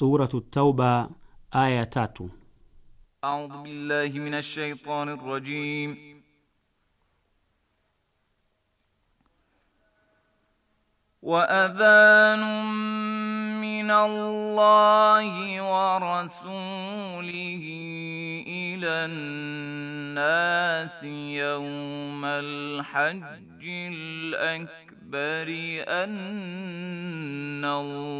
Suratu Tauba aya tatu. A'udhu billahi minash shaitani rrajim. وأذان من الله ورسوله إلى الناس يوم الحج الأكبر أن الله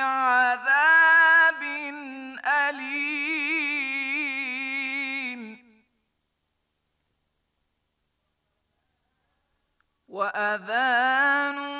عذاب أليم وأذان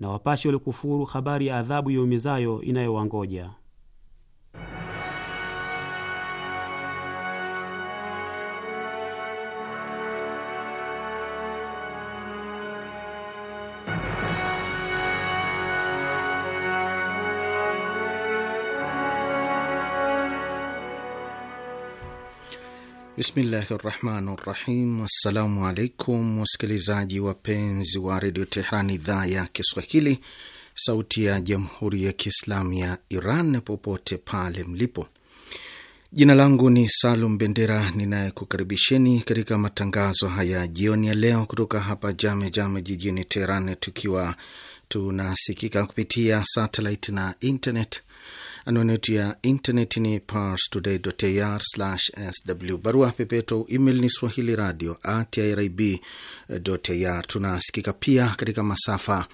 na wapashi walikufuru habari ya adhabu yaumizayo inayowangoja. Bismillahi rahmani rahim. Wassalamu alaikum wasikilizaji wapenzi wa redio Tehran, idhaa ya Kiswahili, sauti ya jamhuri ya kiislamu ya Iran, popote pale mlipo. Jina langu ni Salum Bendera ninayekukaribisheni katika matangazo haya jioni ya leo kutoka hapa Jame Jame jijini Teheran, tukiwa tunasikika kupitia satelit na internet Anwani yetu ya intaneti ni parstoday.ir/sw. Barua pepeto email ni swahili radio at irib.ir. Tunasikika pia katika masafa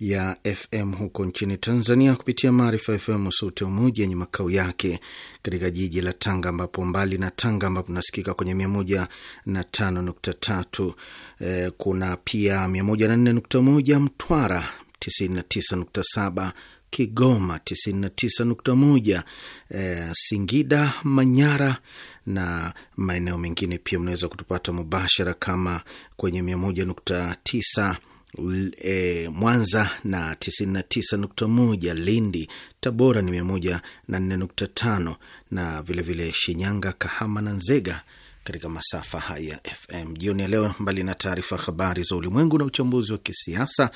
ya FM huko nchini Tanzania kupitia Maarifa FM Sauti ya Umoja yenye makao yake katika jiji la Tanga, ambapo mbali na Tanga ambapo nasikika kwenye mia moja na tano nukta tatu e, kuna pia mia moja na nne nukta moja Mtwara, tisini na tisa nukta saba Kigoma 99.1, e, eh, Singida, Manyara na maeneo mengine. Pia mnaweza kutupata mubashara kama kwenye 101.9 E, eh, Mwanza na 99.1, Lindi, Tabora ni 104.5 na vilevile vile Shinyanga, Kahama na Nzega katika masafa haya FM. Jioni ya leo, mbali na taarifa habari za ulimwengu na uchambuzi wa kisiasa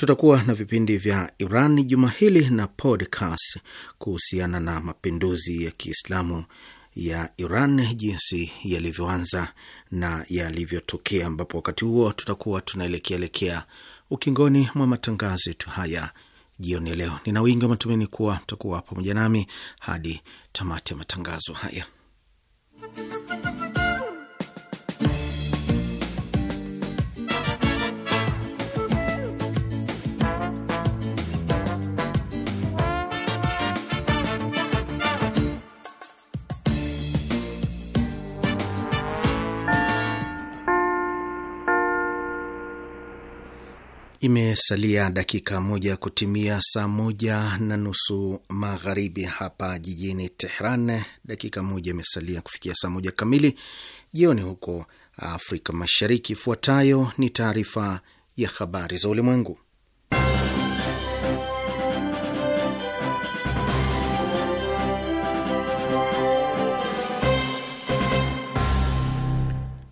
Tutakuwa na vipindi vya Iran juma hili na podcast kuhusiana na mapinduzi ya Kiislamu ya Iran, jinsi yalivyoanza na yalivyotokea, ambapo wakati huo tutakuwa tunaelekeaelekea ukingoni mwa matangazo yetu haya jioni ya leo. Nina wingi wa matumaini kuwa mtakuwa pamoja nami hadi tamati ya matangazo haya. Imesalia dakika moja kutimia saa moja na nusu magharibi hapa jijini Tehran. Dakika moja imesalia kufikia saa moja kamili jioni huko Afrika Mashariki. Ifuatayo ni taarifa ya habari za ulimwengu,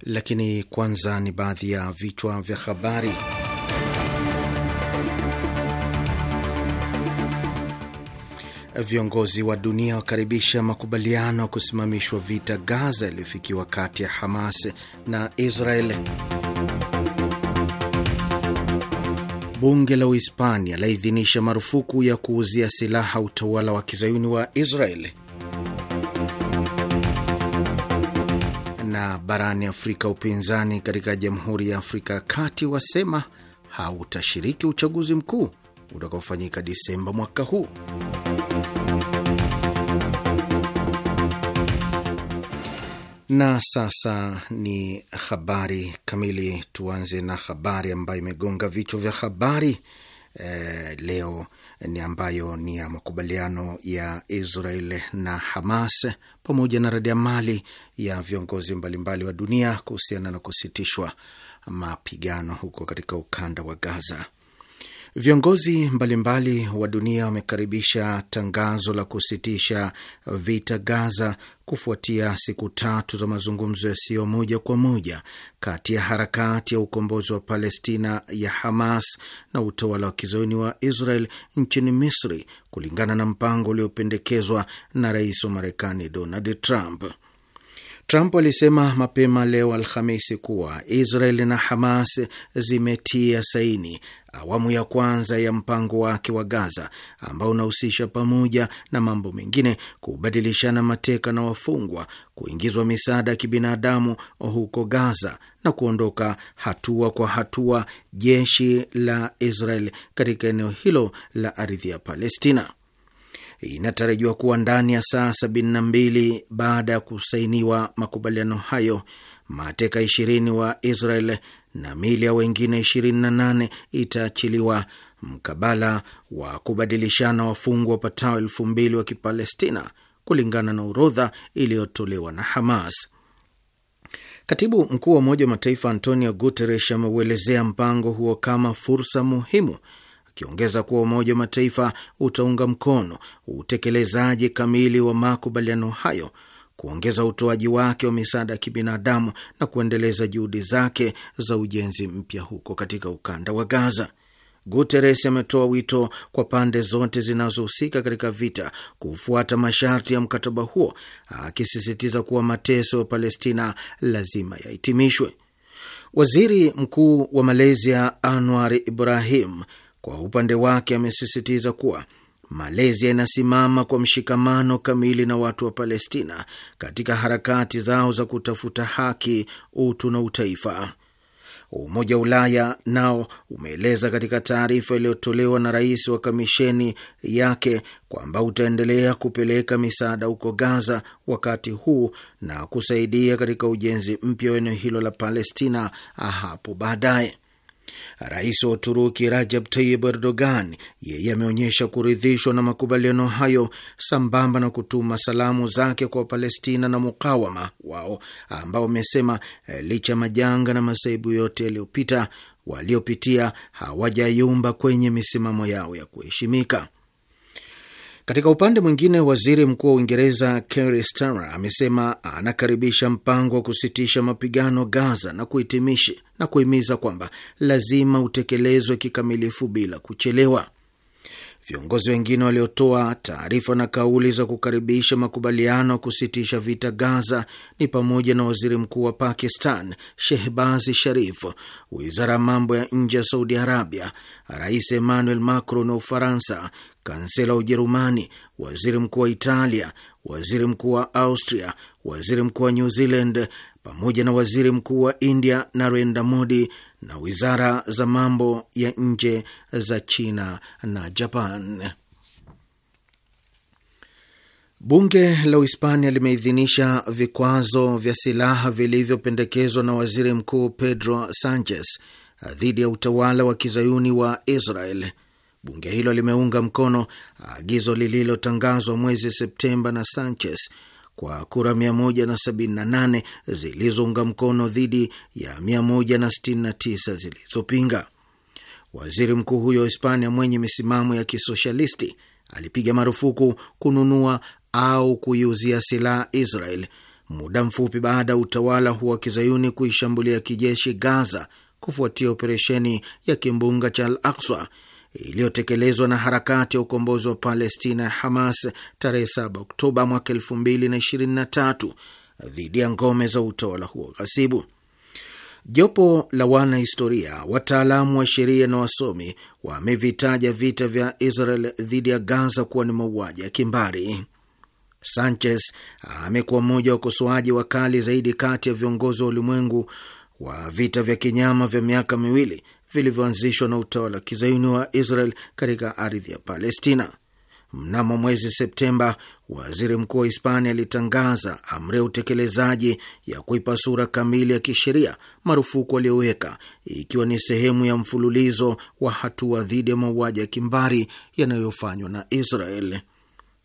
lakini kwanza ni baadhi ya vichwa vya habari. Viongozi wa dunia wakaribisha makubaliano ya kusimamishwa vita Gaza yaliyofikiwa kati ya Hamas na Israel. Bunge la Uhispania laidhinisha marufuku ya kuuzia silaha utawala wa kizayuni wa Israel. Na barani Afrika, upinzani katika Jamhuri ya Afrika ya Kati wasema hautashiriki uchaguzi mkuu utakaofanyika Disemba mwaka huu. Na sasa ni habari kamili. Tuanze na habari ambayo imegonga vichwa vya habari eh, leo ni ambayo ni ya makubaliano ya Israel na Hamas pamoja na mali ya viongozi mbalimbali wa dunia kuhusiana na kusitishwa mapigano huko katika ukanda wa Gaza. Viongozi mbalimbali wa dunia wamekaribisha tangazo la kusitisha vita Gaza kufuatia siku tatu za mazungumzo yasiyo moja kwa moja kati ya harakati ya ukombozi wa Palestina ya Hamas na utawala wa kizayuni wa Israel nchini Misri, kulingana na mpango uliopendekezwa na rais wa Marekani Donald Trump. Trump alisema mapema leo Alhamisi kuwa Israel na Hamas zimetia saini awamu ya kwanza ya mpango wake wa Gaza ambao unahusisha pamoja na mambo mengine kubadilishana mateka na wafungwa, kuingizwa misaada ya kibinadamu huko Gaza na kuondoka hatua kwa hatua jeshi la Israel katika eneo hilo la ardhi ya Palestina. Inatarajiwa kuwa ndani ya saa sabini na mbili baada ya kusainiwa makubaliano hayo mateka ishirini wa Israel na mili ya wengine 28 itaachiliwa mkabala wa kubadilishana wafungwa wapatao elfu mbili wa Kipalestina kulingana na orodha iliyotolewa na Hamas. Katibu mkuu wa Umoja wa Mataifa Antonio Guterres ameuelezea mpango huo kama fursa muhimu, akiongeza kuwa Umoja wa Mataifa utaunga mkono utekelezaji kamili wa makubaliano hayo kuongeza utoaji wake wa misaada ya kibinadamu na kuendeleza juhudi zake za ujenzi mpya huko katika ukanda wa Gaza. guteres ametoa wito kwa pande zote zinazohusika katika vita kufuata masharti ya mkataba huo, akisisitiza kuwa mateso ya Palestina lazima yahitimishwe. Waziri Mkuu wa Malaysia Anwar Ibrahim kwa upande wake amesisitiza kuwa Malaysia inasimama kwa mshikamano kamili na watu wa Palestina katika harakati zao za kutafuta haki, utu na utaifa. Umoja wa Ulaya nao umeeleza katika taarifa iliyotolewa na rais wa kamisheni yake kwamba utaendelea kupeleka misaada huko Gaza wakati huu na kusaidia katika ujenzi mpya wa eneo hilo la Palestina hapo baadaye. Rais wa Uturuki Rajab Tayyip Erdogan yeye ameonyesha kuridhishwa na makubaliano hayo sambamba na kutuma salamu zake kwa Wapalestina na mukawama wao ambao amesema eh, licha ya majanga na masaibu yote yaliyopita waliopitia hawajayumba kwenye misimamo yao ya kuheshimika. Katika upande mwingine, waziri mkuu wa Uingereza Keir Starmer amesema anakaribisha mpango wa kusitisha mapigano Gaza na kuhitimisha na kuhimiza kwamba lazima utekelezwe kikamilifu bila kuchelewa. Viongozi wengine waliotoa taarifa na kauli za kukaribisha makubaliano ya kusitisha vita Gaza ni pamoja na waziri mkuu wa Pakistan Shehbaz Sharif, wizara ya mambo ya nje ya Saudi Arabia, rais Emmanuel Macron wa Ufaransa, kansela wa Ujerumani, waziri mkuu wa Italia, waziri mkuu wa Austria, waziri mkuu wa New Zealand pamoja na waziri mkuu wa India Narendra Modi na wizara za mambo ya nje za China na Japan. Bunge la Uhispania limeidhinisha vikwazo vya silaha vilivyopendekezwa na waziri mkuu Pedro Sanchez dhidi ya utawala wa kizayuni wa Israel. Bunge hilo limeunga mkono agizo lililotangazwa mwezi Septemba na Sanchez kwa kura 178 zilizounga mkono dhidi ya 169 zilizopinga. Waziri mkuu huyo Hispania mwenye misimamo ya kisoshalisti alipiga marufuku kununua au kuiuzia silaha Israel muda mfupi baada ya utawala huo wa kizayuni kuishambulia kijeshi Gaza kufuatia operesheni ya kimbunga cha Al Akswa iliyotekelezwa na harakati ya ukombozi wa Palestina ya Hamas tarehe 7 Oktoba mwaka 223 dhidi ya ngome za utawala huo ghasibu. Jopo la wanahistoria, wataalamu wa sheria na wasomi wamevitaja vita vya Israel dhidi ya Gaza kuwa ni mauaji ya kimbari. Sanchez amekuwa mmoja wa ukosoaji wakali zaidi kati ya viongozi wa ulimwengu wa vita vya kinyama vya miaka miwili vilivyoanzishwa na utawala wa kizayuni wa Israel katika ardhi ya Palestina. Mnamo mwezi Septemba, waziri mkuu wa Hispania alitangaza amri ya utekelezaji ya kuipa sura kamili ya kisheria marufuku aliyoweka, ikiwa ni sehemu ya mfululizo wa hatua dhidi ya mauaji ya kimbari yanayofanywa na Israel.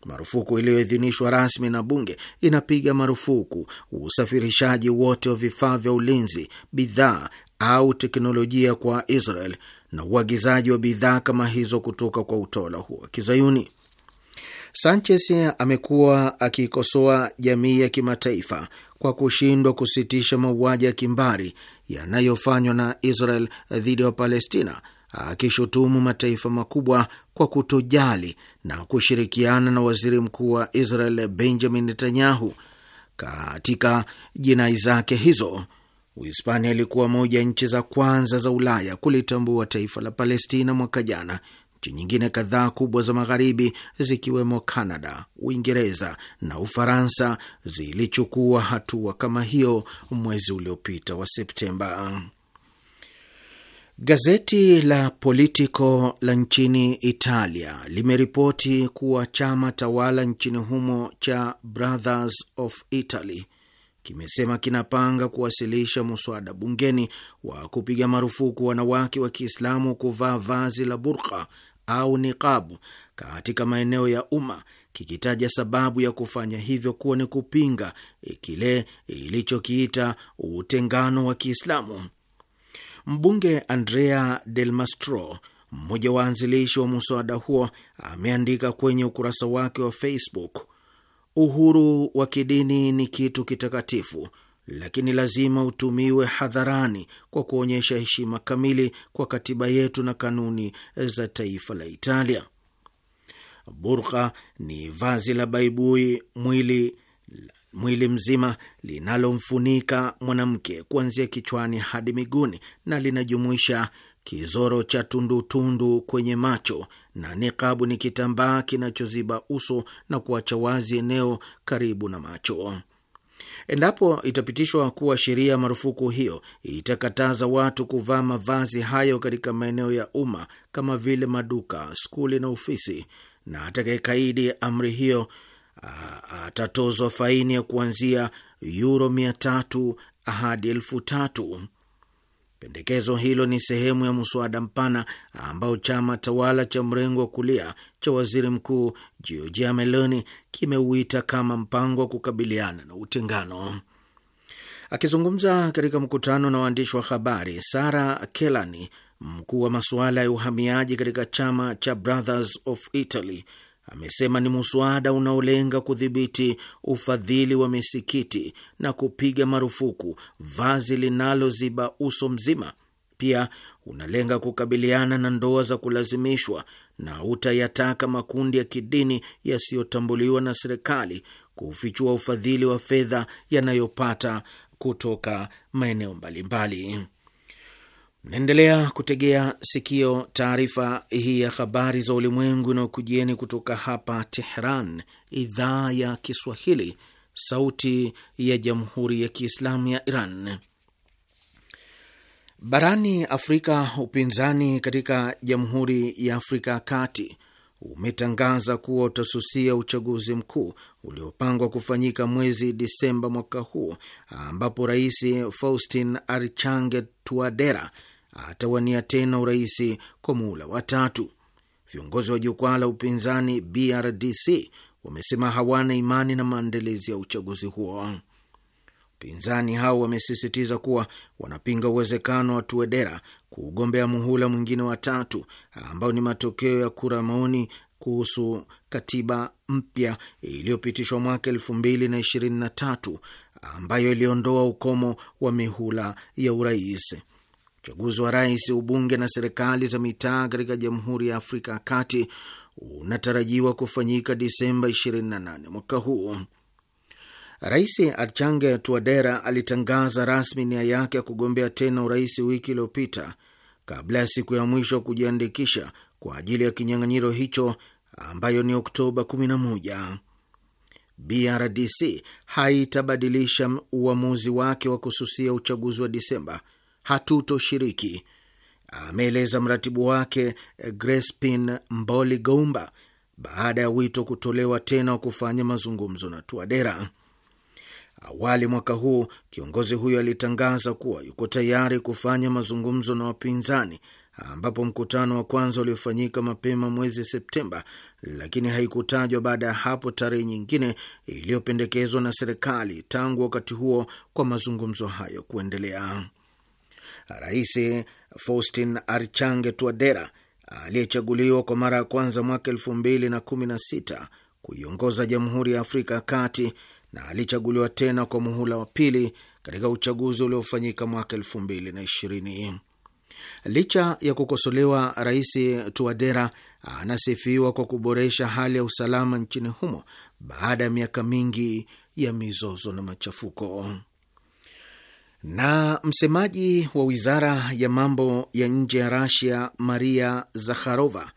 Marufuku iliyoidhinishwa rasmi na bunge inapiga marufuku usafirishaji wote wa vifaa vya ulinzi, bidhaa au teknolojia kwa Israel na uagizaji wa bidhaa kama hizo kutoka kwa utawala huo wa Kizayuni. Sanchez amekuwa akiikosoa jamii ya kimataifa kwa kushindwa kusitisha mauaji ya kimbari yanayofanywa na Israel dhidi ya Palestina, akishutumu mataifa makubwa kwa kutojali na kushirikiana na waziri mkuu wa Israel Benjamin Netanyahu katika jinai zake hizo Uhispania ilikuwa moja ya nchi za kwanza za Ulaya kulitambua taifa la Palestina mwaka jana. Nchi nyingine kadhaa kubwa za magharibi zikiwemo canada Uingereza na Ufaransa zilichukua hatua kama hiyo mwezi uliopita wa Septemba. Gazeti la Politico la nchini Italia limeripoti kuwa chama tawala nchini humo cha Brothers of Italy kimesema kinapanga kuwasilisha muswada bungeni wa kupiga marufuku wanawake wa Kiislamu kuvaa vazi la burka au niqabu katika maeneo ya umma kikitaja sababu ya kufanya hivyo kuwa ni kupinga kile ilichokiita utengano wa Kiislamu. Mbunge Andrea Del Mastro, mmoja wa waanzilishi wa muswada huo, ameandika kwenye ukurasa wake wa Facebook Uhuru wa kidini ni kitu kitakatifu, lakini lazima utumiwe hadharani kwa kuonyesha heshima kamili kwa katiba yetu na kanuni za taifa la Italia. Burka ni vazi la baibui mwili mwili mzima linalomfunika mwanamke kuanzia kichwani hadi miguuni na linajumuisha kizoro cha tundutundu kwenye macho, na niqabu ni kitambaa kinachoziba uso na kuacha wazi eneo karibu na macho. Endapo itapitishwa kuwa sheria, marufuku hiyo itakataza watu kuvaa mavazi hayo katika maeneo ya umma kama vile maduka, skuli na ofisi, na atakayekaidi amri hiyo atatozwa faini ya kuanzia yuro mia tatu hadi elfu tatu. Pendekezo hilo ni sehemu ya mswada mpana ambao chama tawala cha mrengo wa kulia cha waziri mkuu Giorgia Meloni kimeuita kama mpango wa kukabiliana na utengano. Akizungumza katika mkutano na waandishi wa habari, Sara Kelani, mkuu wa masuala ya uhamiaji katika chama cha Brothers of Italy, amesema ni muswada unaolenga kudhibiti ufadhili wa misikiti na kupiga marufuku vazi linaloziba uso mzima. Pia unalenga kukabiliana na ndoa za kulazimishwa na utayataka makundi ya kidini yasiyotambuliwa na serikali kufichua ufadhili wa fedha yanayopata kutoka maeneo mbalimbali. Mnaendelea kutegea sikio taarifa hii ya habari za ulimwengu na ukujieni kutoka hapa Tehran, idhaa ya Kiswahili, sauti ya jamhuri ya kiislamu ya Iran. Barani Afrika, upinzani katika Jamhuri ya Afrika ya Kati umetangaza kuwa utasusia uchaguzi mkuu uliopangwa kufanyika mwezi Disemba mwaka huu, ambapo Rais Faustin Archange Touadera atawania tena urais kwa muhula wa tatu. Viongozi wa jukwaa la upinzani BRDC wamesema hawana imani na maandalizi ya uchaguzi huo. Upinzani hao wamesisitiza kuwa wanapinga uwezekano wa tuedera kuugombea muhula mwingine wa tatu, ambao ni matokeo ya kura maoni kuhusu katiba mpya iliyopitishwa mwaka elfu mbili na ishirini na tatu ambayo iliondoa ukomo wa mihula ya urais. Uchaguzi wa rais, ubunge na serikali za mitaa katika Jamhuri ya Afrika ya Kati unatarajiwa kufanyika Disemba 28 mwaka huu. Rais Archange Tuadera alitangaza rasmi nia yake ya kugombea tena urais wiki iliyopita kabla ya siku ya mwisho kujiandikisha kwa ajili ya kinyang'anyiro hicho ambayo ni Oktoba 11. BRDC haitabadilisha uamuzi wake wa kususia uchaguzi wa Disemba hatutoshiriki, ameeleza mratibu wake eh, Grespin Mboli Goumba baada ya wito kutolewa tena wa kufanya mazungumzo na Tuadera. Awali mwaka huu kiongozi huyo alitangaza kuwa yuko tayari kufanya mazungumzo na wapinzani, ambapo mkutano wa kwanza uliofanyika mapema mwezi Septemba, lakini haikutajwa baada ya hapo tarehe nyingine iliyopendekezwa na serikali tangu wakati huo kwa mazungumzo hayo kuendelea. Rais Faustin Archange Touadera aliyechaguliwa kwa mara ya kwanza mwaka elfu mbili na kumi na sita kuiongoza Jamhuri ya Afrika ya Kati na alichaguliwa tena kwa muhula wa pili katika uchaguzi uliofanyika mwaka elfu mbili na ishirini. Licha ya kukosolewa, Rais tuadera anasifiwa kwa kuboresha hali ya usalama nchini humo baada ya miaka mingi ya mizozo na machafuko. Na msemaji wa wizara ya mambo ya nje ya Rasia, Maria Zakharova,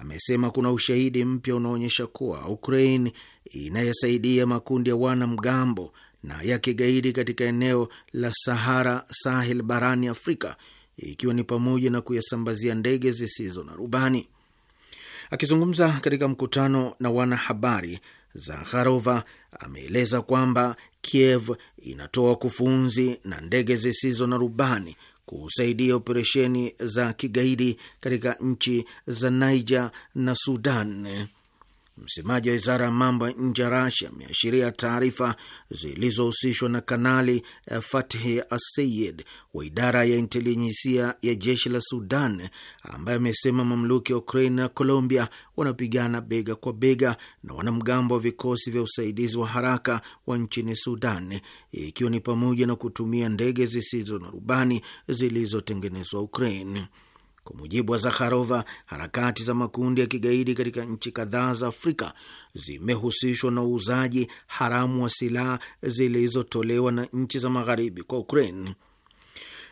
amesema kuna ushahidi mpya unaonyesha kuwa Ukraine inayesaidia makundi ya wanamgambo na ya kigaidi katika eneo la Sahara Sahel barani Afrika, ikiwa ni pamoja na kuyasambazia ndege zisizo na rubani. Akizungumza katika mkutano na wanahabari, Zakharova ameeleza kwamba Kiev inatoa kufunzi na ndege zisizo na rubani kusaidia operesheni za kigaidi katika nchi za Niger na Sudan. Msemaji wa wizara ya mambo ya nje ya Rasia ameashiria taarifa zilizohusishwa na Kanali eh, Fathi Asseyid wa idara ya intelijensia ya jeshi la Sudan, ambaye amesema mamluki ya Ukraine na Colombia wanapigana bega kwa bega na wanamgambo wa vikosi vya usaidizi wa haraka wa nchini Sudan, ikiwa ni pamoja na kutumia ndege zisizo na rubani zilizotengenezwa Ukraine. Kwa mujibu wa Zakharova, harakati za makundi ya kigaidi katika nchi kadhaa za Afrika zimehusishwa na uuzaji haramu wa silaha zilizotolewa na nchi za magharibi kwa Ukraine.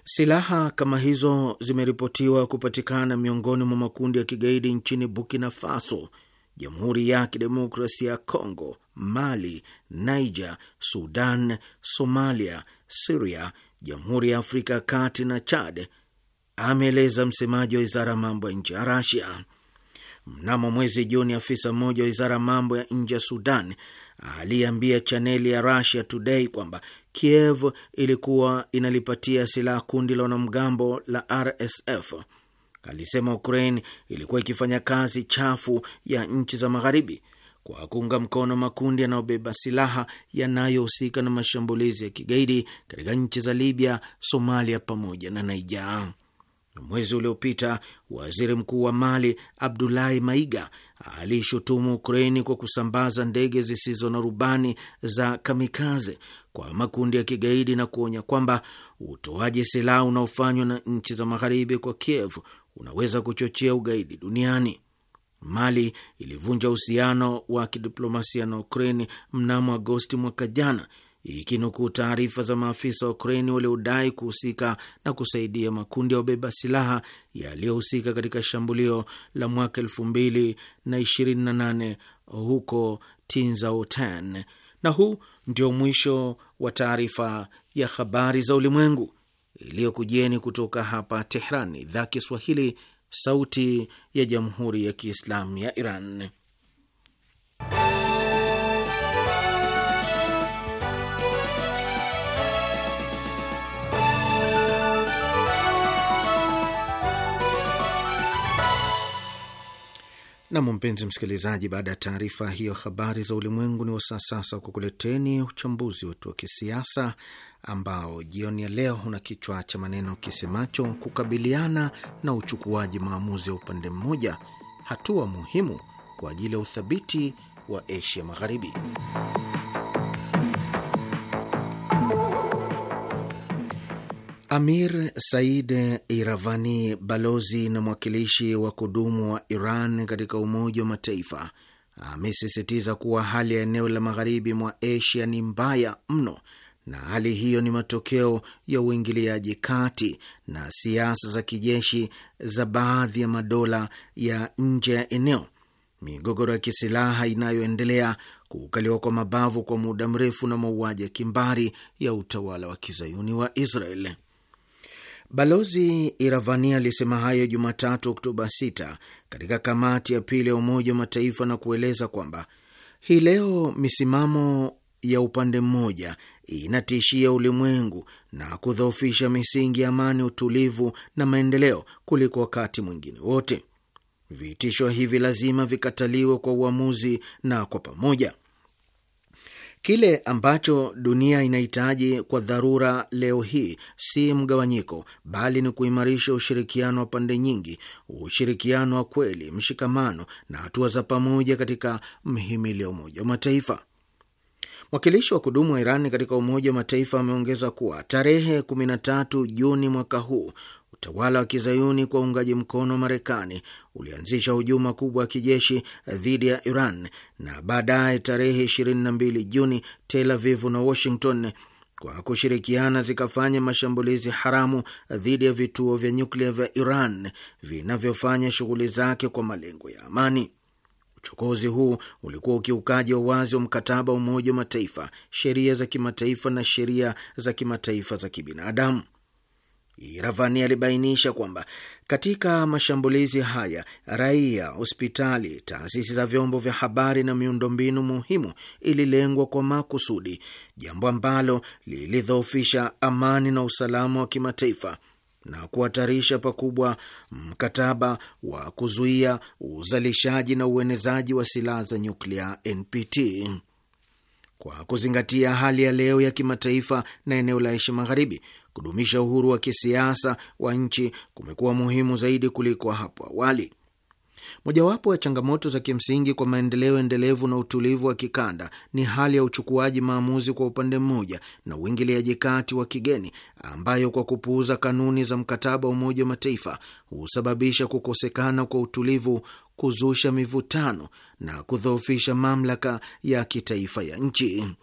Silaha kama hizo zimeripotiwa kupatikana miongoni mwa makundi ya kigaidi nchini Burkina Faso, Jamhuri ya Kidemokrasia ya congo Mali, Niger, Sudan, Somalia, Siria, Jamhuri ya Afrika ya Kati na Chad ameeleza msemaji wa wizara ya mambo ya nje ya Rasia. Mnamo mwezi Juni, afisa mmoja wa wizara ya mambo ya nje ya Sudan aliyeambia chaneli ya Russia Today kwamba Kiev ilikuwa inalipatia silaha kundi la wanamgambo la RSF. Alisema Ukraine ilikuwa ikifanya kazi chafu ya nchi za magharibi kwa kuunga mkono makundi yanayobeba silaha yanayohusika na mashambulizi ya kigaidi katika nchi za Libya, Somalia pamoja na Naija. Mwezi uliopita waziri mkuu wa Mali Abdulahi Maiga aliishutumu Ukraini kwa kusambaza ndege zisizo na rubani za kamikaze kwa makundi ya kigaidi na kuonya kwamba utoaji silaha unaofanywa na nchi za magharibi kwa Kiev unaweza kuchochea ugaidi duniani. Mali ilivunja uhusiano wa kidiplomasia na Ukraini mnamo Agosti mwaka jana ikinukuu taarifa za maafisa wa Ukraini waliodai kuhusika na kusaidia makundi ya wabeba silaha yaliyohusika katika shambulio la mwaka elfu mbili na ishirini na nane huko Tinzautan. Na huu ndio mwisho wa taarifa ya habari za ulimwengu iliyokujeni kutoka hapa Tehran, idhaa Kiswahili, sauti ya jamhuri ya kiislamu ya Iran. Nam, mpenzi msikilizaji, baada ya taarifa hiyo habari za ulimwengu, ni wasaa sasa kukuleteni uchambuzi wetu wa kisiasa ambao jioni ya leo una kichwa cha maneno kisemacho kukabiliana na uchukuaji maamuzi ya upande mmoja, hatua muhimu kwa ajili ya uthabiti wa Asia Magharibi. Amir Said Iravani, balozi na mwakilishi wa kudumu wa Iran katika Umoja wa Mataifa, amesisitiza kuwa hali ya eneo la magharibi mwa Asia ni mbaya mno na hali hiyo ni matokeo ya uingiliaji kati na siasa za kijeshi za baadhi ya madola ya nje ya eneo, migogoro ya kisilaha inayoendelea, kukaliwa kwa mabavu kwa muda mrefu na mauaji ya kimbari ya utawala wa kizayuni wa Israel. Balozi Iravani alisema hayo Jumatatu, Oktoba 6 katika kamati ya pili ya Umoja wa Mataifa na kueleza kwamba hii leo misimamo ya upande mmoja inatishia ulimwengu na kudhoofisha misingi ya amani, utulivu na maendeleo kuliko wakati mwingine wote. Vitisho hivi lazima vikataliwe kwa uamuzi na kwa pamoja. Kile ambacho dunia inahitaji kwa dharura leo hii si mgawanyiko, bali ni kuimarisha ushirikiano wa pande nyingi, ushirikiano wa kweli, mshikamano na hatua za pamoja katika mhimili wa Umoja wa Mataifa. Mwakilishi wa kudumu wa Iran katika Umoja wa Mataifa ameongeza kuwa tarehe 13 Juni mwaka huu Utawala wa kizayuni kwa uungaji mkono wa Marekani ulianzisha hujuma kubwa ya kijeshi dhidi ya Iran na baadaye, tarehe 22 Juni, Tel Aviv na Washington kwa kushirikiana zikafanya mashambulizi haramu dhidi ya vituo vya nyuklia vya Iran vinavyofanya shughuli zake kwa malengo ya amani. Uchokozi huu ulikuwa ukiukaji wa wazi wa mkataba wa Umoja wa Mataifa, sheria za kimataifa na sheria za kimataifa za kibinadamu. Iravani alibainisha kwamba katika mashambulizi haya raia, hospitali, taasisi za vyombo vya habari na miundombinu muhimu ililengwa kwa makusudi, jambo ambalo lilidhoofisha amani na usalama wa kimataifa na kuhatarisha pakubwa mkataba wa kuzuia uzalishaji na uenezaji wa silaha za nyuklia NPT. Kwa kuzingatia hali ya leo ya kimataifa na eneo la Asia Magharibi, kudumisha uhuru wa kisiasa wa nchi kumekuwa muhimu zaidi kuliko hapo awali. Mojawapo ya changamoto za kimsingi kwa maendeleo endelevu na utulivu wa kikanda ni hali ya uchukuaji maamuzi kwa upande mmoja na uingiliaji kati wa kigeni, ambayo kwa kupuuza kanuni za mkataba wa Umoja wa Mataifa husababisha kukosekana kwa utulivu, kuzusha mivutano na kudhoofisha mamlaka ya kitaifa ya nchi.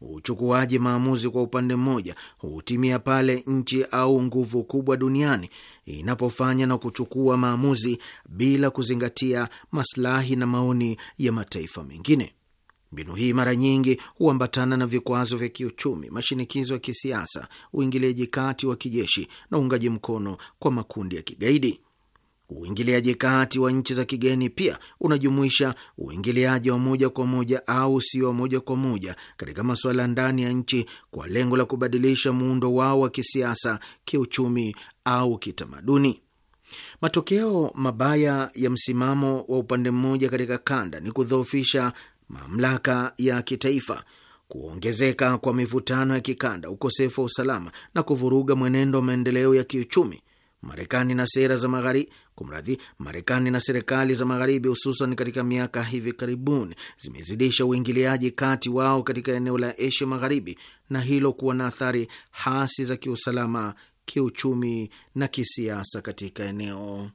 Uchukuaji maamuzi kwa upande mmoja hutimia pale nchi au nguvu kubwa duniani inapofanya na kuchukua maamuzi bila kuzingatia maslahi na maoni ya mataifa mengine. Mbinu hii mara nyingi huambatana na vikwazo vya kiuchumi, mashinikizo ya kisiasa, uingiliaji kati wa kijeshi na uungaji mkono kwa makundi ya kigaidi. Uingiliaji kati wa nchi za kigeni pia unajumuisha uingiliaji wa moja kwa moja au sio wa moja kwa moja katika masuala ndani ya nchi kwa lengo la kubadilisha muundo wao wa kisiasa, kiuchumi au kitamaduni. Matokeo mabaya ya msimamo wa upande mmoja katika kanda ni kudhoofisha mamlaka ya kitaifa, kuongezeka kwa mivutano ya kikanda, ukosefu wa usalama na kuvuruga mwenendo wa maendeleo ya kiuchumi Marekani na sera za magharibi kumradhi, Marekani na serikali za magharibi hususan katika miaka hivi karibuni zimezidisha uingiliaji kati wao katika eneo la Asia Magharibi, na hilo kuwa na athari hasi za kiusalama, kiuchumi na kisiasa katika eneo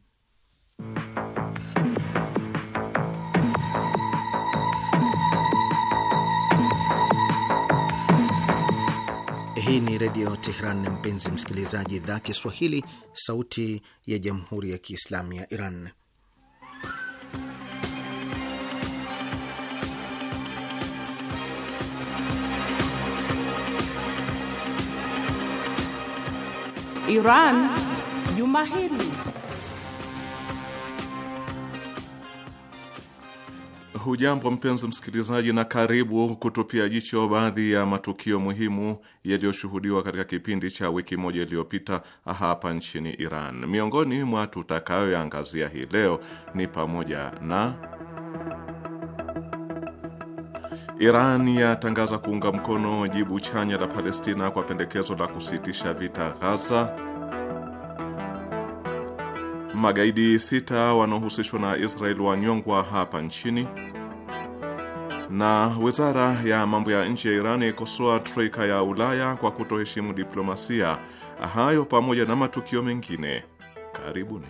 Hii ni Redio Tehran, mpenzi msikilizaji, idhaa Kiswahili, sauti ya Jamhuri ya Kiislamu ya Iran. Iran Juma Hili. Hujambo mpenzi msikilizaji, na karibu kutupia jicho baadhi ya matukio muhimu yaliyoshuhudiwa katika kipindi cha wiki moja iliyopita hapa nchini Iran. Miongoni mwa tutakayoangazia hii leo ni pamoja na Iran yatangaza kuunga mkono jibu chanya la Palestina kwa pendekezo la kusitisha vita Ghaza. Magaidi sita wanaohusishwa na Israel wanyongwa hapa nchini na wizara ya mambo ya nchi ya Iran ikosoa troika ya Ulaya kwa kutoheshimu diplomasia. Hayo pamoja na matukio mengine, karibuni.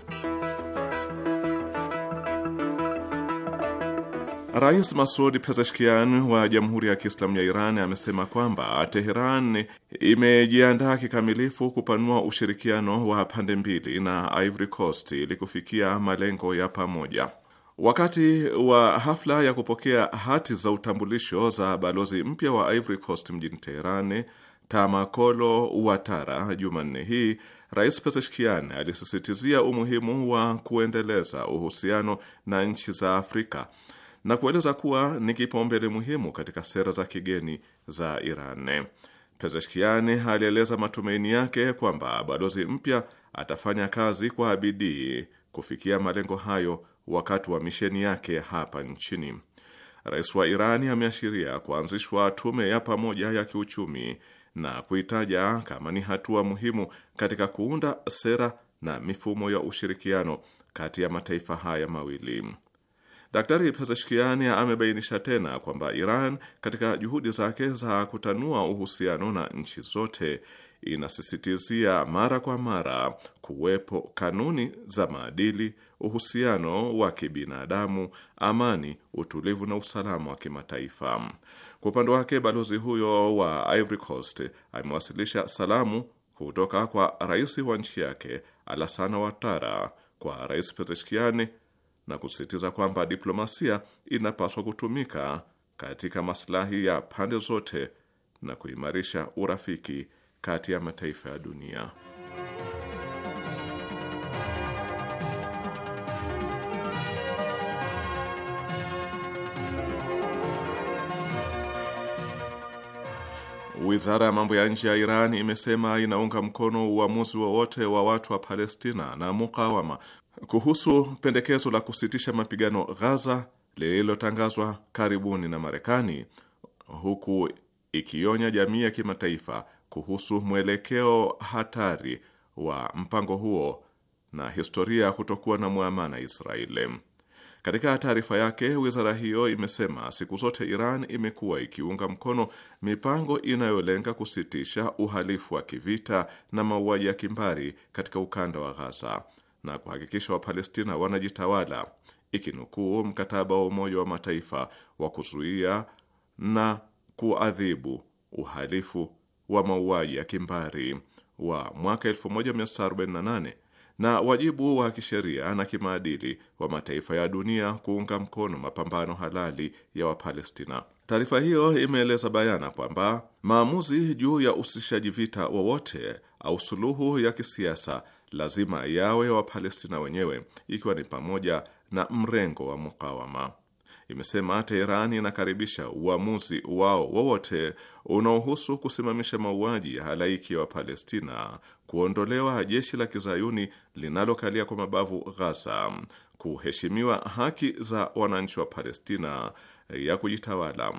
Rais Masud Pezeshkian wa Jamhuri ya Kiislamu ya Iran amesema kwamba Teheran imejiandaa kikamilifu kupanua ushirikiano wa pande mbili na Ivory Coast ili kufikia malengo ya pamoja. Wakati wa hafla ya kupokea hati za utambulisho za balozi mpya wa Ivory Coast mjini Teheran, Tamakolo Watara, Jumanne hii, Rais Pezeshkian alisisitizia umuhimu wa kuendeleza uhusiano na nchi za Afrika na kueleza kuwa ni kipaumbele muhimu katika sera za kigeni za Iran. Pezeshkian alieleza matumaini yake kwamba balozi mpya atafanya kazi kwa bidii kufikia malengo hayo wakati wa misheni yake hapa nchini. Rais wa Irani ameashiria kuanzishwa tume ya pamoja ya kiuchumi na kuitaja kama ni hatua muhimu katika kuunda sera na mifumo ya ushirikiano kati ya mataifa haya mawili. Daktari Pezeshkiani amebainisha tena kwamba Iran katika juhudi zake za kutanua uhusiano na nchi zote inasisitizia mara kwa mara kuwepo kanuni za maadili, uhusiano wa kibinadamu, amani, utulivu na usalama wa kimataifa. Kwa upande wake, balozi huyo wa Ivory Coast amewasilisha salamu kutoka kwa rais wa nchi yake Alassane Ouattara kwa Rais Pezeshkiani na kusisitiza kwamba diplomasia inapaswa kutumika katika maslahi ya pande zote na kuimarisha urafiki kati ya mataifa ya dunia. Wizara ya mambo ya nje ya Iran imesema inaunga mkono uamuzi wowote wa, wa watu wa Palestina na mukawama kuhusu pendekezo la kusitisha mapigano Ghaza lililotangazwa karibuni na Marekani, huku ikionya jamii ya kimataifa kuhusu mwelekeo hatari wa mpango huo na historia ya kutokuwa na mwamana Israeli. Katika taarifa yake, wizara hiyo imesema siku zote Iran imekuwa ikiunga mkono mipango inayolenga kusitisha uhalifu wa kivita na mauaji ya kimbari katika ukanda wa Ghaza na kuhakikisha Wapalestina wanajitawala, ikinukuu mkataba wa Umoja wa Mataifa wa kuzuia na kuadhibu uhalifu wa mauaji ya kimbari wa mwaka 1948 na wajibu wa kisheria na kimaadili wa mataifa ya dunia kuunga mkono mapambano halali ya Wapalestina. Taarifa hiyo imeeleza bayana kwamba maamuzi juu ya usitishaji vita wowote au suluhu ya kisiasa lazima yawe ya Wapalestina wenyewe, ikiwa ni pamoja na mrengo wa mukawama. Imesema Teherani inakaribisha uamuzi wao wowote unaohusu kusimamisha mauaji ya halaiki ya Wapalestina, kuondolewa jeshi la kizayuni linalokalia kwa mabavu Ghaza, kuheshimiwa haki za wananchi wa Palestina ya kujitawala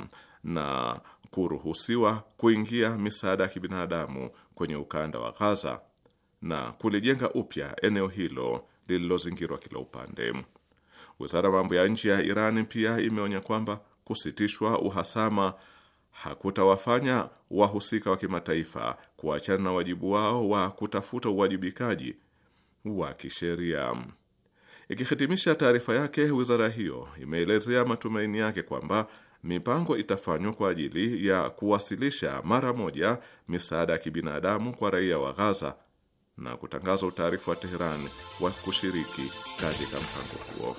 na kuruhusiwa kuingia misaada ya kibinadamu kwenye ukanda wa Ghaza na kulijenga upya eneo hilo lililozingirwa kila upande. Wizara ya mambo ya nje ya Iran pia imeonya kwamba kusitishwa uhasama hakutawafanya wahusika wa kimataifa kuachana na wajibu wao wa kutafuta uwajibikaji wa kisheria. Ikihitimisha taarifa yake, wizara hiyo imeelezea matumaini yake kwamba mipango itafanywa kwa ajili ya kuwasilisha mara moja misaada ya kibinadamu kwa raia wa Gaza na kutangaza utaarifu wa Teheran wa kushiriki katika mpango huo.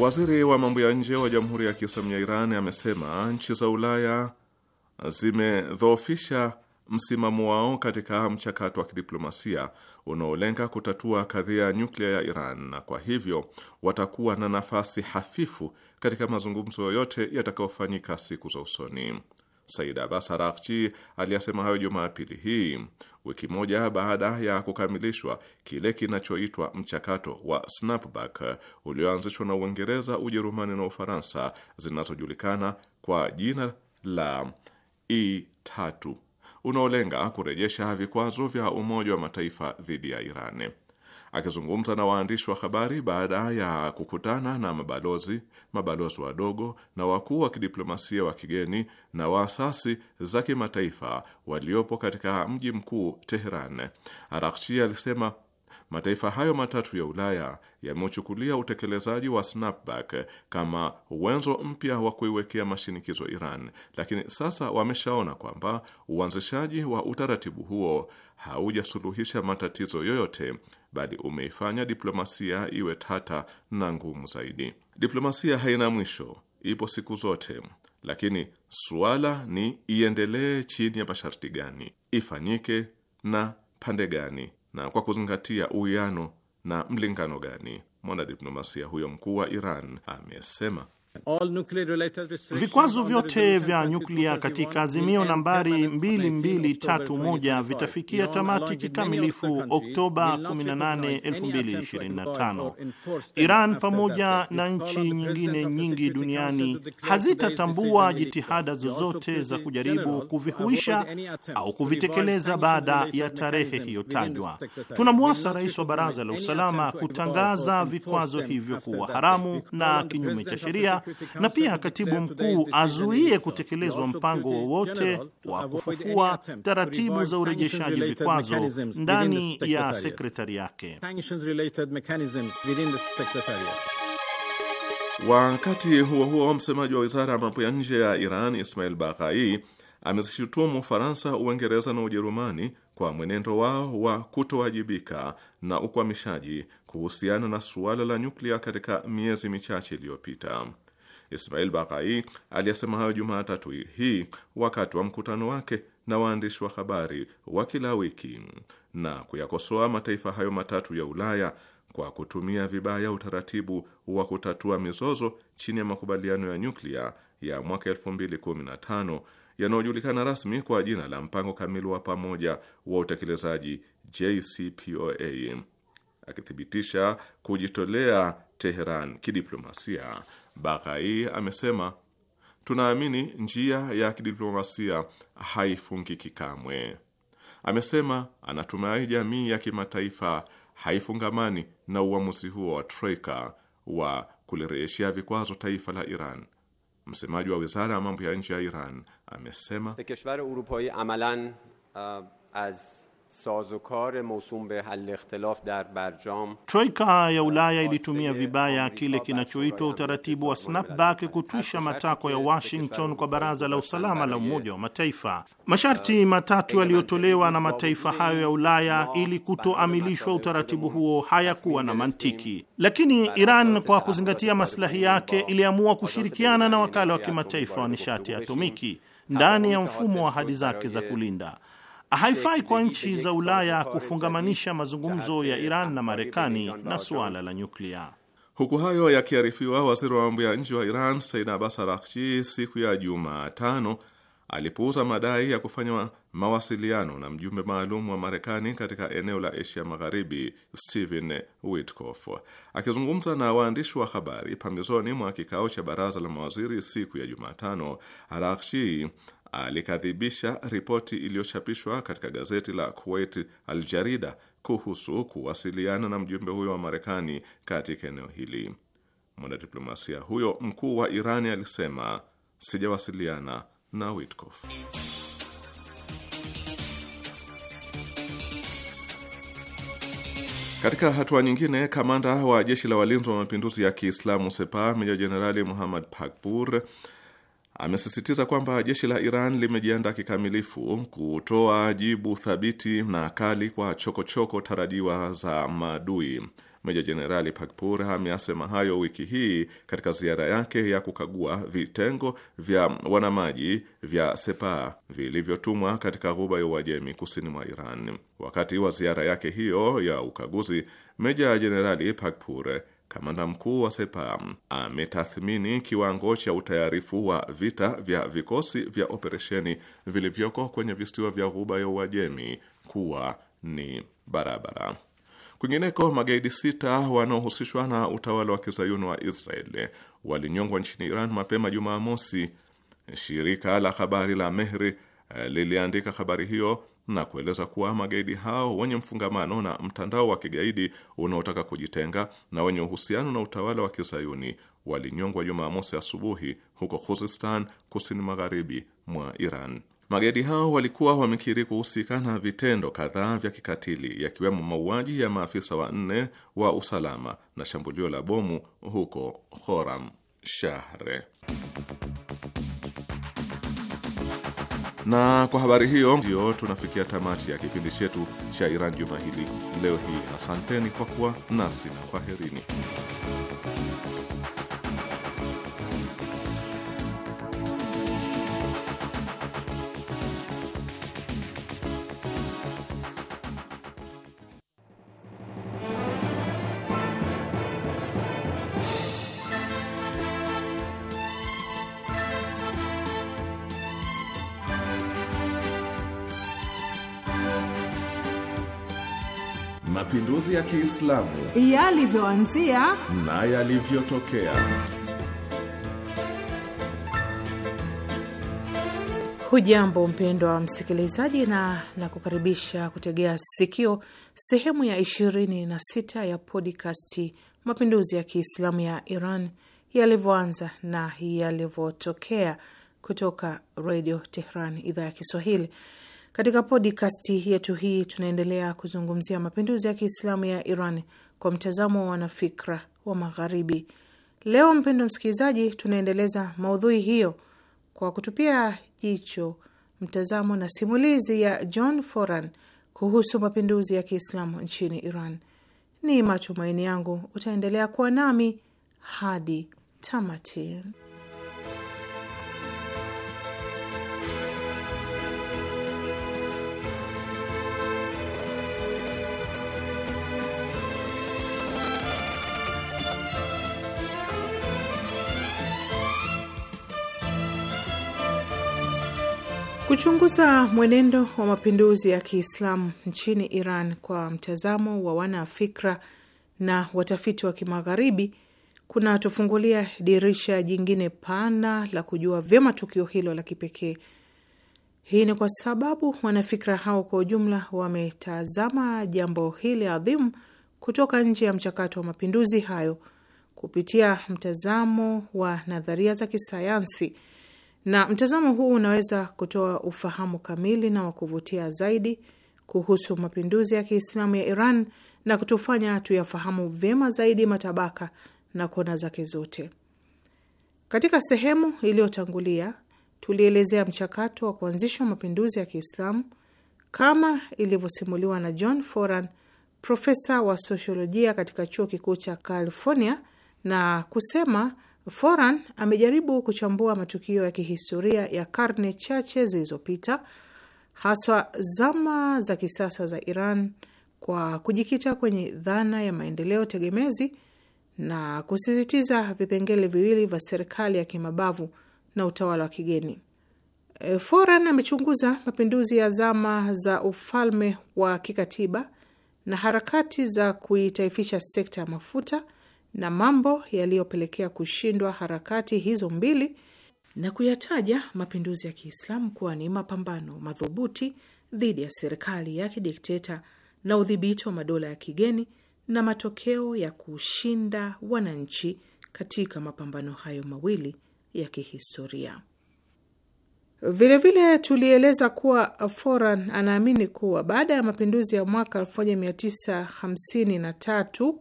Waziri wa mambo ya nje wa Jamhuri ya Kiislamu ya Iran amesema nchi za Ulaya zimedhoofisha msimamo wao katika mchakato wa kidiplomasia unaolenga kutatua kadhia ya nyuklia ya Iran na kwa hivyo watakuwa na nafasi hafifu katika mazungumzo yoyote yatakayofanyika siku za usoni. Said Abbas Arakchi aliyasema hayo Jumapili hii wiki moja baada ya kukamilishwa kile kinachoitwa mchakato wa snapback ulioanzishwa na Uingereza, Ujerumani na Ufaransa zinazojulikana kwa jina la E3 unaolenga kurejesha vikwazo vya Umoja wa Mataifa dhidi ya Iran. Akizungumza na waandishi wa habari baada ya kukutana na mabalozi, mabalozi wadogo na wakuu wa kidiplomasia wa kigeni na waasasi za kimataifa waliopo katika mji mkuu Teheran, Araghchi alisema mataifa hayo matatu ya Ulaya yameuchukulia utekelezaji wa snapback kama wenzo mpya wa kuiwekea mashinikizo Iran, lakini sasa wameshaona kwamba uanzishaji wa utaratibu huo haujasuluhisha matatizo yoyote bali umeifanya diplomasia iwe tata na ngumu zaidi. Diplomasia haina mwisho, ipo siku zote, lakini suala ni iendelee chini ya masharti gani, ifanyike na pande gani, na kwa kuzingatia uwiano na mlingano gani? Mwanadiplomasia huyo mkuu wa Iran amesema. Vikwazo vyote vya nyuklia katika azimio nambari 2231 vitafikia tamati kikamilifu Oktoba 18, 2025. Iran pamoja na nchi nyingine nyingi duniani hazitatambua jitihada zozote za kujaribu kuvihuisha au kuvitekeleza baada ya tarehe hiyo tajwa. Tunamwasa rais wa Baraza la Usalama kutangaza vikwazo hivyo kuwa haramu na kinyume cha sheria na pia katibu mkuu azuie kutekelezwa mpango wowote wa kufufua taratibu za urejeshaji vikwazo ndani ya sekretari yake. Wakati huo huo, msemaji wa wizara ya mambo ya nje ya Iran Ismail Baghai amezishutumu Ufaransa, Uingereza na Ujerumani kwa mwenendo wao wa kutowajibika na ukwamishaji kuhusiana na suala la nyuklia katika miezi michache iliyopita. Ismail Bakai aliyasema hayo Jumatatu hii wakati wa mkutano wake na waandishi wa habari wa kila wiki na kuyakosoa mataifa hayo matatu ya Ulaya kwa kutumia vibaya utaratibu wa kutatua mizozo chini ya makubaliano ya nyuklia ya mwaka 2015 yanayojulikana rasmi kwa jina la mpango kamili wa pamoja wa utekelezaji JCPOA, akithibitisha kujitolea Teheran kidiplomasia Baghai amesema tunaamini njia ya kidiplomasia haifungiki kamwe. Amesema anatumai jamii ya kimataifa haifungamani na uamuzi huo wa troika wa kulirejeshea vikwazo taifa la Iran. Msemaji wa wizara ya mambo ya nje ya Iran amesema Troika ya Ulaya ilitumia vibaya kile kinachoitwa utaratibu wa snapback kutwisha matakwa ya Washington kwa Baraza la Usalama la Umoja wa Mataifa. Masharti matatu yaliyotolewa na mataifa hayo ya Ulaya ili kutoamilishwa utaratibu huo hayakuwa na mantiki, lakini Iran kwa kuzingatia maslahi yake iliamua kushirikiana na wakala wa kimataifa wa nishati ya atomiki ndani ya mfumo wa ahadi zake za kulinda Haifai kwa nchi za Ulaya kufungamanisha mazungumzo ya Iran na Marekani na suala la nyuklia. Huku hayo yakiarifiwa, waziri wa mambo ya nje wa Iran Said Abbas Araghchi siku ya Jumatano alipuuza madai ya kufanywa mawasiliano na mjumbe maalum wa Marekani katika eneo la Asia Magharibi Stephen Witkoff. Akizungumza na waandishi wa habari pambizoni mwa kikao cha baraza la mawaziri siku ya Jumatano, Araghchi alikadhibisha ripoti iliyochapishwa katika gazeti la Kuwait Al Jarida kuhusu kuwasiliana na mjumbe huyo wa Marekani katika eneo hili. Mwanadiplomasia huyo mkuu wa Irani alisema sijawasiliana na Witkoff. Katika hatua nyingine, kamanda wa jeshi la walinzi wa mapinduzi ya Kiislamu Sepah, meja jenerali Muhammad Pakpur amesisitiza kwamba jeshi la Iran limejiandaa kikamilifu kutoa jibu thabiti na kali kwa chokochoko -choko tarajiwa za maadui. Meja Jenerali Pakpur ameasema hayo wiki hii katika ziara yake ya kukagua vitengo vya wanamaji vya Sepa vilivyotumwa katika ghuba ya Uajemi kusini mwa Iran. Wakati wa ziara yake hiyo ya ukaguzi, Meja Jenerali Pakpur kamanda mkuu wa Sepa um, ametathmini kiwango cha utayarifu wa vita vya vikosi vya operesheni vilivyoko kwenye visiwa vya Ghuba ya Uajemi kuwa ni barabara. Kwingineko, magaidi sita wanaohusishwa na utawala wa kizayuni wa Israeli walinyongwa nchini Iran mapema Jumaa mosi. Shirika la habari la Mehri eh, liliandika habari hiyo na kueleza kuwa magaidi hao wenye mfungamano na mtandao wa kigaidi unaotaka kujitenga na wenye uhusiano na utawala wa kizayuni walinyongwa Jumamosi asubuhi huko Khuzistan, kusini magharibi mwa Iran. Magaidi hao walikuwa wamekiri kuhusika na vitendo kadhaa vya kikatili, yakiwemo mauaji ya maafisa wanne wa usalama na shambulio la bomu huko Khorram Shahre. Na kwa habari hiyo ndio tunafikia tamati ya kipindi chetu cha Iran juma hili leo hii. Asanteni kwa kuwa nasi na kwaherini. mapinduzi ya Kiislamu yalivyoanzia na yalivyotokea. Hujambo wa msikilizaji, na nakukaribisha kutegea sikio sehemu ya 26 ya podikasti mapinduzi ya Kiislamu ya Iran yalivyoanza na yalivyotokea kutoka Redio Tehran, idhaa ya Kiswahili. Katika podcast yetu hii tunaendelea kuzungumzia mapinduzi ya Kiislamu ya Iran kwa mtazamo wa wanafikra wa Magharibi. Leo mpendo msikilizaji, tunaendeleza maudhui hiyo kwa kutupia jicho mtazamo na simulizi ya John Foran kuhusu mapinduzi ya Kiislamu nchini Iran. Ni matumaini yangu utaendelea kuwa nami hadi tamati. Kuchunguza mwenendo wa mapinduzi ya Kiislamu nchini Iran kwa mtazamo wa wanafikra na watafiti wa kimagharibi kunatufungulia dirisha jingine pana la kujua vyema tukio hilo la kipekee. Hii ni kwa sababu wanafikra hao kwa ujumla wametazama jambo hili adhimu kutoka nje ya mchakato wa mapinduzi hayo kupitia mtazamo wa nadharia za kisayansi na mtazamo huu unaweza kutoa ufahamu kamili na wa kuvutia zaidi kuhusu mapinduzi ya Kiislamu ya Iran na kutufanya tuyafahamu vyema zaidi matabaka na kona zake zote. Katika sehemu iliyotangulia, tulielezea mchakato wa kuanzishwa mapinduzi ya Kiislamu kama ilivyosimuliwa na John Foran, profesa wa sosiolojia katika chuo kikuu cha California, na kusema Foran amejaribu kuchambua matukio ya kihistoria ya karne chache zilizopita, haswa zama za kisasa za Iran kwa kujikita kwenye dhana ya maendeleo tegemezi na kusisitiza vipengele viwili vya serikali ya kimabavu na utawala wa kigeni. E, Foran amechunguza mapinduzi ya zama za ufalme wa kikatiba na harakati za kuitaifisha sekta ya mafuta na mambo yaliyopelekea kushindwa harakati hizo mbili na kuyataja mapinduzi ya Kiislamu kuwa ni mapambano madhubuti dhidi ya serikali ya kidikteta na udhibiti wa madola ya kigeni na matokeo ya kushinda wananchi katika mapambano hayo mawili ya kihistoria. Vilevile tulieleza kuwa Foran anaamini kuwa baada ya mapinduzi ya mwaka 1953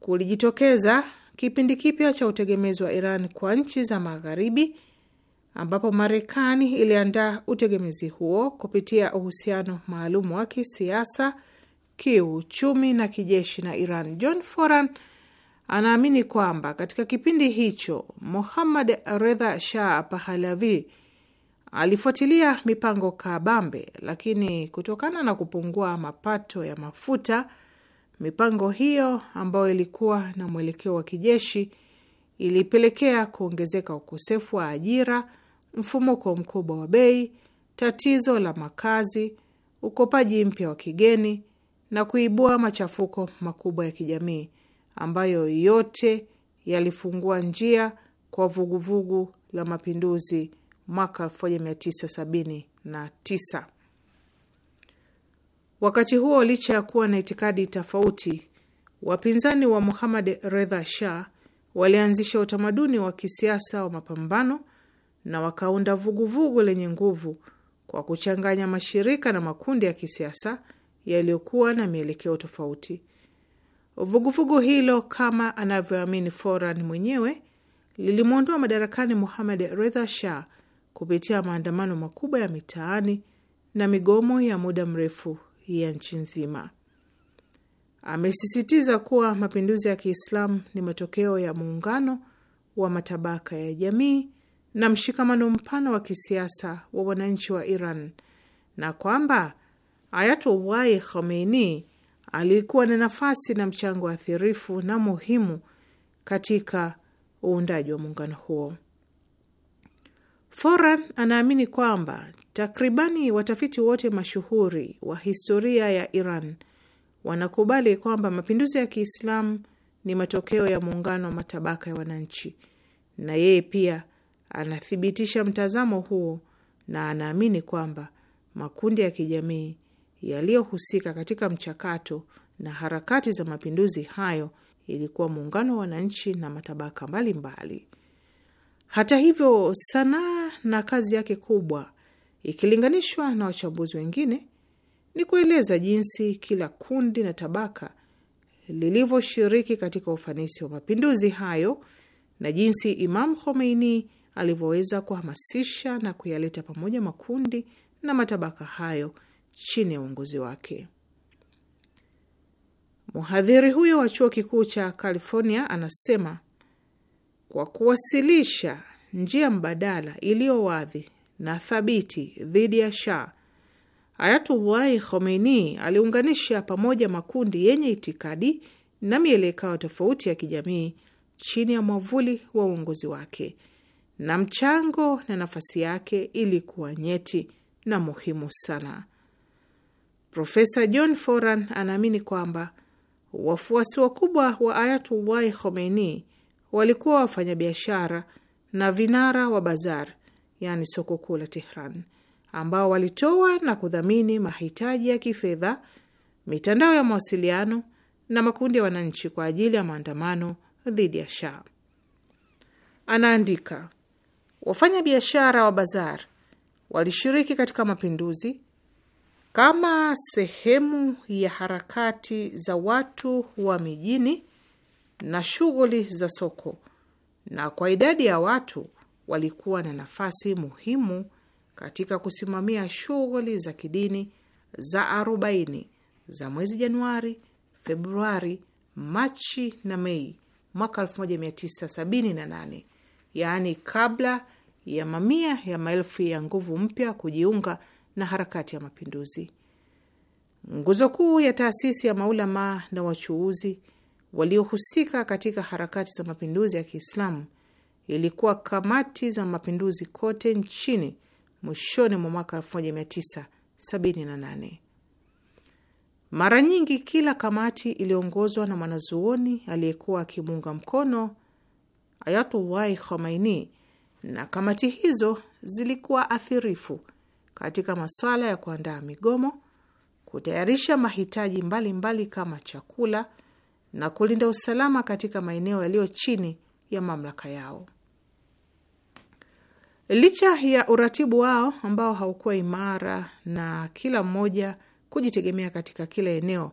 kulijitokeza kipindi kipya cha utegemezi wa Iran kwa nchi za Magharibi, ambapo Marekani iliandaa utegemezi huo kupitia uhusiano maalum wa kisiasa, kiuchumi na kijeshi na Iran. John Foran anaamini kwamba katika kipindi hicho Muhammad Redha Shah Pahalavi alifuatilia mipango kabambe, lakini kutokana na kupungua mapato ya mafuta Mipango hiyo ambayo ilikuwa na mwelekeo wa kijeshi ilipelekea kuongezeka ukosefu wa ajira, mfumuko mkubwa wa bei, tatizo la makazi, ukopaji mpya wa kigeni na kuibua machafuko makubwa ya kijamii ambayo yote yalifungua njia kwa vuguvugu la mapinduzi mwaka 1979. Wakati huo, licha ya kuwa na itikadi tofauti, wapinzani wa Muhammad Redha Shah walianzisha utamaduni wa kisiasa wa mapambano na wakaunda vuguvugu lenye nguvu kwa kuchanganya mashirika na makundi ya kisiasa yaliyokuwa na mielekeo tofauti. Vuguvugu hilo, kama anavyoamini Foran mwenyewe, lilimwondoa madarakani Muhammad Redha Shah kupitia maandamano makubwa ya mitaani na migomo ya muda mrefu ya nchi nzima. Amesisitiza kuwa mapinduzi ya Kiislamu ni matokeo ya muungano wa matabaka ya jamii na mshikamano mpana wa kisiasa wa wananchi wa Iran na kwamba Ayatullahi Khomeini alikuwa na nafasi na mchango athirifu na muhimu katika uundaji wa muungano huo. Foran anaamini kwamba takribani watafiti wote mashuhuri wa historia ya Iran wanakubali kwamba mapinduzi ya Kiislamu ni matokeo ya muungano wa matabaka ya wananchi, na yeye pia anathibitisha mtazamo huo na anaamini kwamba makundi ya kijamii yaliyohusika katika mchakato na harakati za mapinduzi hayo ilikuwa muungano wa wananchi na matabaka mbalimbali mbali. Hata hivyo sanaa na kazi yake kubwa ikilinganishwa na wachambuzi wengine ni kueleza jinsi kila kundi na tabaka lilivyoshiriki katika ufanisi wa mapinduzi hayo na jinsi Imam Khomeini alivyoweza kuhamasisha na kuyaleta pamoja makundi na matabaka hayo chini ya uongozi wake. Mhadhiri huyo wa chuo kikuu cha California anasema kwa kuwasilisha njia mbadala iliyo wadhi na thabiti dhidi ya Shah, Ayatullahi Khomeini aliunganisha pamoja makundi yenye itikadi na mielekeo tofauti ya kijamii chini ya mwavuli wa uongozi wake, na mchango na nafasi yake ilikuwa nyeti na muhimu sana. Profesa John Foran anaamini kwamba wafuasi wakubwa wa Ayatullahi Khomeini walikuwa wafanyabiashara na vinara wa bazar, yani soko kuu la Tehran, ambao walitoa na kudhamini mahitaji ya kifedha, mitandao ya mawasiliano na makundi ya wananchi kwa ajili ya maandamano dhidi ya Shah. Anaandika, wafanyabiashara wa bazar walishiriki katika mapinduzi kama sehemu ya harakati za watu wa mijini na shughuli za soko na kwa idadi ya watu walikuwa na nafasi muhimu katika kusimamia shughuli za kidini za arobaini za mwezi Januari, Februari, Machi na Mei mwaka 1978, yaani kabla ya mamia ya maelfu ya nguvu mpya kujiunga na harakati ya mapinduzi. Nguzo kuu ya taasisi ya maulama na wachuuzi waliohusika katika harakati za mapinduzi ya Kiislamu ilikuwa kamati za mapinduzi kote nchini mwishoni mwa mwaka 1978. Mara nyingi kila kamati iliongozwa na mwanazuoni aliyekuwa akimuunga mkono Ayatullahi Khomeini, na kamati hizo zilikuwa athirifu katika masuala ya kuandaa migomo, kutayarisha mahitaji mbalimbali mbali kama chakula na kulinda usalama katika maeneo yaliyo chini ya mamlaka yao. Licha ya uratibu wao ambao haukuwa imara na kila mmoja kujitegemea katika kila eneo,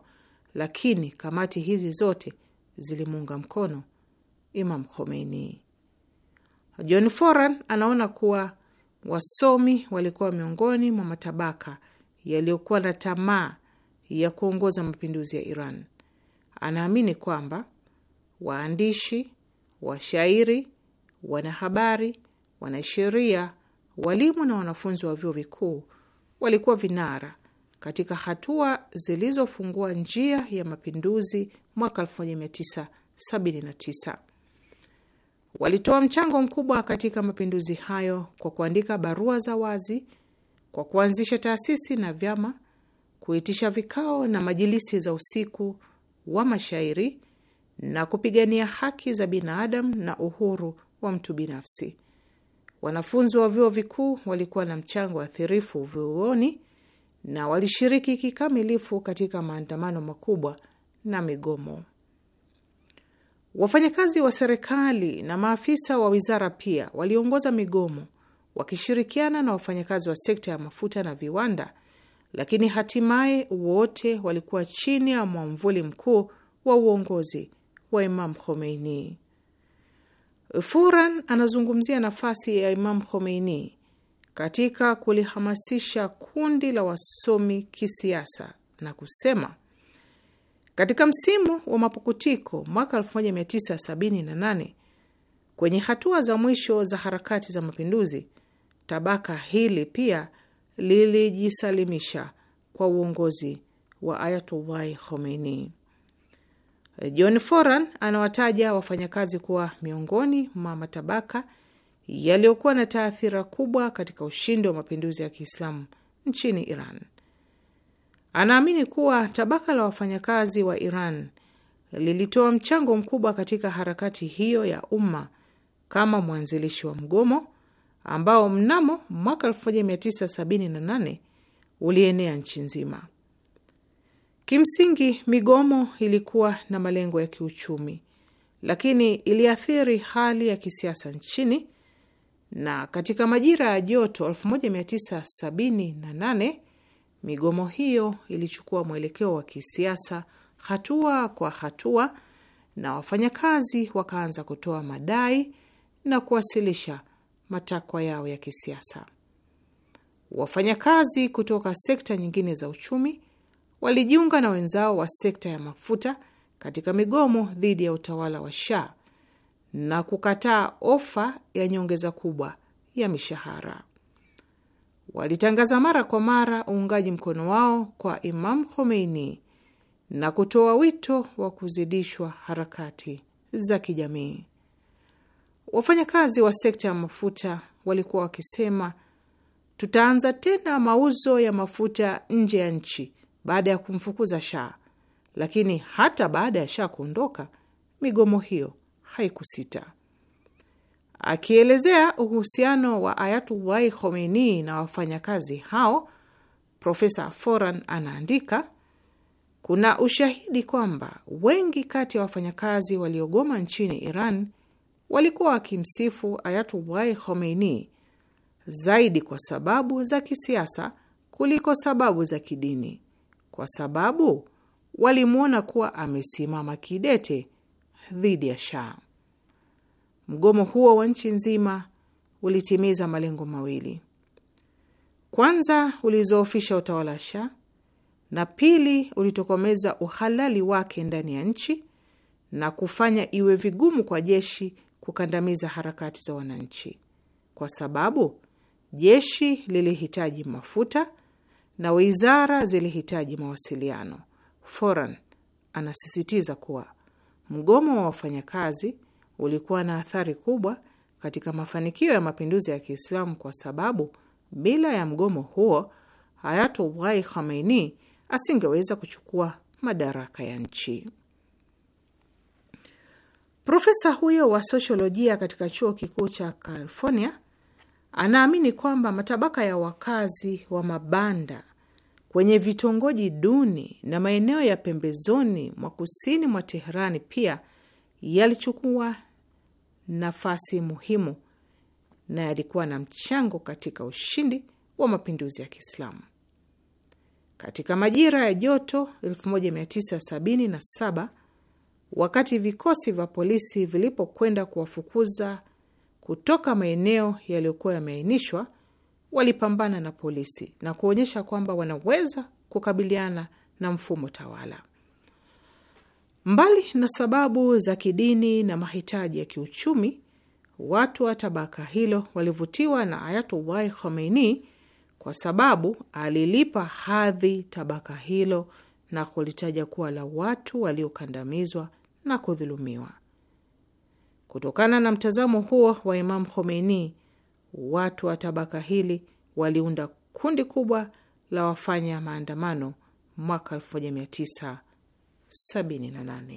lakini kamati hizi zote zilimuunga mkono Imam Khomeini. John Foran anaona kuwa wasomi walikuwa miongoni mwa matabaka yaliyokuwa na tamaa ya kuongoza mapinduzi ya Iran anaamini kwamba waandishi, washairi, wanahabari, wanasheria, walimu na wanafunzi wa vyuo vikuu walikuwa vinara katika hatua zilizofungua njia ya mapinduzi mwaka 1979. Walitoa mchango mkubwa katika mapinduzi hayo kwa kuandika barua za wazi, kwa kuanzisha taasisi na vyama, kuitisha vikao na majilisi za usiku wa mashairi na kupigania haki za binadamu na uhuru wa mtu binafsi. Wanafunzi wa vyuo vikuu walikuwa na mchango athirifu vyuoni na walishiriki kikamilifu katika maandamano makubwa na migomo. Wafanyakazi wa serikali na maafisa wa wizara pia waliongoza migomo wakishirikiana na wafanyakazi wa sekta ya mafuta na viwanda lakini hatimaye wote walikuwa chini ya mwamvuli mkuu wa uongozi wa Imam Khomeini. Furan anazungumzia nafasi ya Imam Khomeini katika kulihamasisha kundi la wasomi kisiasa na kusema, katika msimu wa mapukutiko mwaka 1978 kwenye hatua za mwisho za harakati za mapinduzi, tabaka hili pia lilijisalimisha kwa uongozi wa Ayatullahi Khomeini. John Foran anawataja wafanyakazi kuwa miongoni mwa matabaka yaliyokuwa na taathira kubwa katika ushindi wa mapinduzi ya Kiislamu nchini Iran. Anaamini kuwa tabaka la wafanyakazi wa Iran lilitoa mchango mkubwa katika harakati hiyo ya umma kama mwanzilishi wa mgomo ambao mnamo mwaka 1978 ulienea nchi nzima. Kimsingi, migomo ilikuwa na malengo ya kiuchumi, lakini iliathiri hali ya kisiasa nchini, na katika majira ya joto 1978 migomo hiyo ilichukua mwelekeo wa kisiasa hatua kwa hatua, na wafanyakazi wakaanza kutoa madai na kuwasilisha matakwa yao ya kisiasa. Wafanyakazi kutoka sekta nyingine za uchumi walijiunga na wenzao wa sekta ya mafuta katika migomo dhidi ya utawala wa Shah na kukataa ofa ya nyongeza kubwa ya mishahara. Walitangaza mara kwa mara uungaji mkono wao kwa Imam Khomeini na kutoa wito wa kuzidishwa harakati za kijamii. Wafanyakazi wa sekta ya mafuta walikuwa wakisema, tutaanza tena mauzo ya mafuta nje ya nchi baada ya kumfukuza Shah. Lakini hata baada ya Shah kuondoka, migomo hiyo haikusita. Akielezea uhusiano wa Ayatullahi Khomeini na wafanyakazi hao, Profesa Foran anaandika, kuna ushahidi kwamba wengi kati ya wafanyakazi waliogoma nchini Iran walikuwa wakimsifu Ayatullahi Khomeini zaidi kwa sababu za kisiasa kuliko sababu za kidini, kwa sababu walimwona kuwa amesimama kidete dhidi ya Shah. Mgomo huo wa nchi nzima ulitimiza malengo mawili: kwanza, ulizoofisha utawala wa Shah na pili, ulitokomeza uhalali wake ndani ya nchi na kufanya iwe vigumu kwa jeshi kukandamiza harakati za wananchi, kwa sababu jeshi lilihitaji mafuta na wizara zilihitaji mawasiliano. Foran anasisitiza kuwa mgomo wa wafanyakazi ulikuwa na athari kubwa katika mafanikio ya mapinduzi ya Kiislamu kwa sababu bila ya mgomo huo Ayatullahi Khamenei asingeweza kuchukua madaraka ya nchi. Profesa huyo wa sosiolojia katika chuo kikuu cha California anaamini kwamba matabaka ya wakazi wa mabanda kwenye vitongoji duni na maeneo ya pembezoni mwa kusini mwa Teherani pia yalichukua nafasi muhimu na yalikuwa na mchango katika ushindi wa mapinduzi ya Kiislamu. Katika majira ya joto 1977 wakati vikosi vya polisi vilipokwenda kuwafukuza kutoka maeneo yaliyokuwa yameainishwa, walipambana na polisi na kuonyesha kwamba wanaweza kukabiliana na mfumo tawala. Mbali na sababu za kidini na mahitaji ya kiuchumi, watu wa tabaka hilo walivutiwa na Ayatullahi Khomeini kwa sababu alilipa hadhi tabaka hilo na kulitaja kuwa la watu waliokandamizwa na kudhulumiwa. Kutokana na mtazamo huo wa Imam Khomeini, watu wa tabaka hili waliunda kundi kubwa la wafanya maandamano mwaka 1978.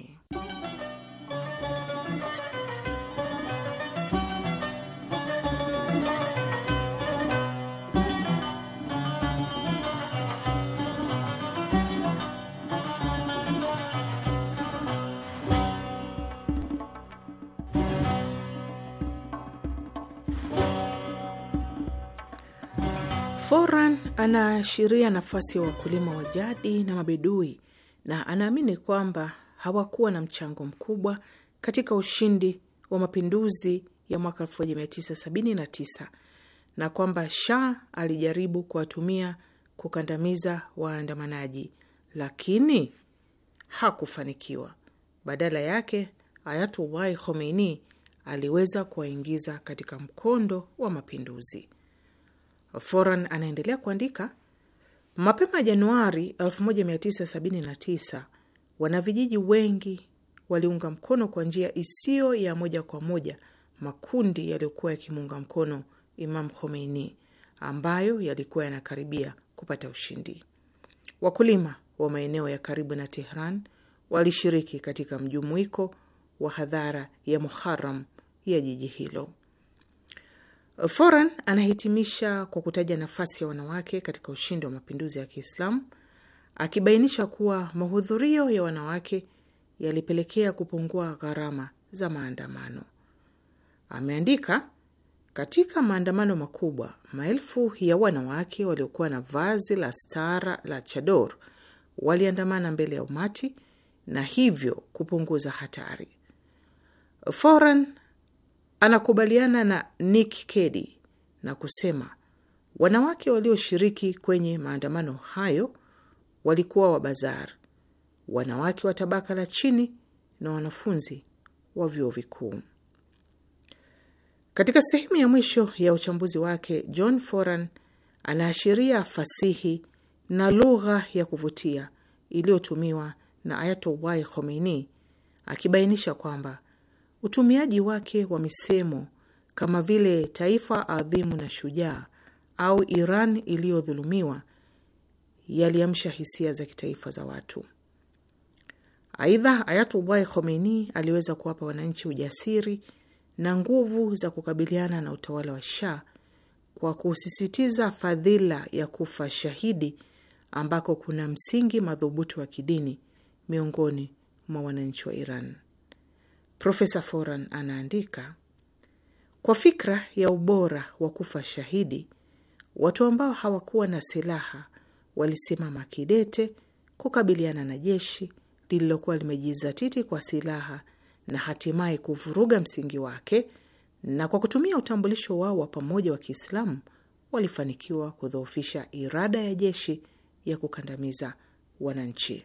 Foran anaashiria nafasi ya wakulima wa jadi na mabedui na anaamini kwamba hawakuwa na mchango mkubwa katika ushindi wa mapinduzi ya mwaka 1979 na kwamba Shah alijaribu kuwatumia kukandamiza waandamanaji lakini hakufanikiwa. Badala yake, Ayatullah Khomeini aliweza kuwaingiza katika mkondo wa mapinduzi. Foran anaendelea kuandika, mapema Januari 1979 wanavijiji wengi waliunga mkono kwa njia isiyo ya moja kwa moja makundi yaliyokuwa yakimuunga mkono Imam Khomeini ambayo yalikuwa yanakaribia kupata ushindi. Wakulima wa maeneo ya karibu na Tehran walishiriki katika mjumuiko wa hadhara ya Muharram ya jiji hilo. Foran anahitimisha kwa kutaja nafasi ya wanawake katika ushindi wa mapinduzi ya Kiislamu, akibainisha kuwa mahudhurio ya wanawake yalipelekea kupungua gharama za maandamano. Ameandika, katika maandamano makubwa, maelfu ya wanawake waliokuwa na vazi la stara la chador waliandamana mbele ya umati na hivyo kupunguza hatari. Foran Anakubaliana na Nick Kedi na kusema wanawake walioshiriki kwenye maandamano hayo walikuwa wa bazar wanawake wa tabaka la chini na wanafunzi wa vyuo vikuu. Katika sehemu ya mwisho ya uchambuzi wake, John Foran anaashiria fasihi na lugha ya kuvutia iliyotumiwa na Ayatollah Khomeini akibainisha kwamba Utumiaji wake wa misemo kama vile taifa adhimu na shujaa au Iran iliyodhulumiwa yaliamsha hisia za kitaifa za watu. Aidha, Ayatullah Khomeini aliweza kuwapa wananchi ujasiri na nguvu za kukabiliana na utawala wa Shah kwa kusisitiza fadhila ya kufa shahidi ambako kuna msingi madhubuti wa kidini miongoni mwa wananchi wa Iran. Profesa Foran anaandika, kwa fikra ya ubora wa kufa shahidi, watu ambao hawakuwa na silaha walisimama kidete kukabiliana na jeshi lililokuwa limejizatiti kwa silaha na hatimaye kuvuruga msingi wake, na kwa kutumia utambulisho wao wa pamoja wa Kiislamu walifanikiwa kudhoofisha irada ya jeshi ya kukandamiza wananchi.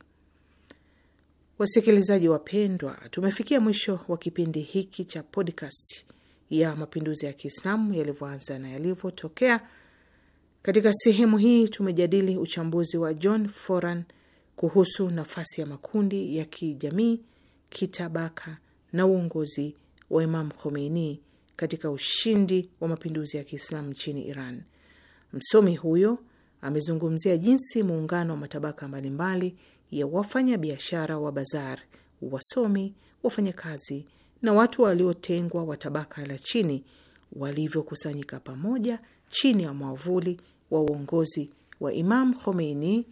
Wasikilizaji wapendwa, tumefikia mwisho wa kipindi hiki cha podcast ya mapinduzi ya Kiislamu yalivyoanza na yalivyotokea. Katika sehemu hii tumejadili uchambuzi wa John Foran kuhusu nafasi ya makundi ya kijamii, kitabaka na uongozi wa Imam Khomeini katika ushindi wa mapinduzi ya Kiislamu nchini Iran. Msomi huyo amezungumzia jinsi muungano wa matabaka mbalimbali ya wafanyabiashara wa bazar, wasomi, wafanyakazi na watu waliotengwa wa tabaka la chini walivyokusanyika pamoja chini ya mwavuli wa uongozi wa Imam Khomeini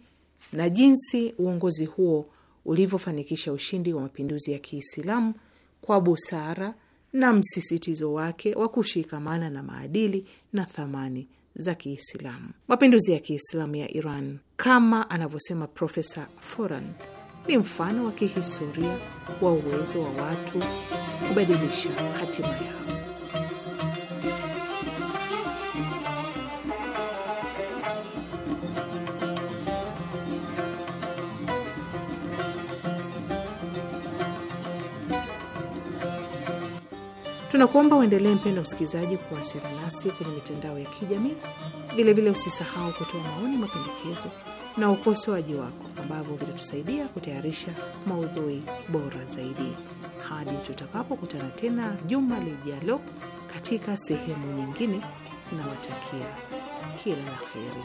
na jinsi uongozi huo ulivyofanikisha ushindi wa mapinduzi ya Kiislamu kwa busara na msisitizo wake wa kushikamana na maadili na thamani za Kiislamu. Mapinduzi ya Kiislamu ya Iran, kama anavyosema Profesa Foran, ni mfano wa kihistoria wa uwezo wa watu kubadilisha hatima yao. Tunakuomba uendelee, mpendo msikilizaji, kuwasiliana nasi kwenye mitandao ya kijamii. Vilevile usisahau kutoa maoni, mapendekezo na ukosoaji wako ambavyo vitatusaidia kutayarisha maudhui bora zaidi. Hadi tutakapokutana tena juma lijalo katika sehemu nyingine, na nawatakia kila la heri.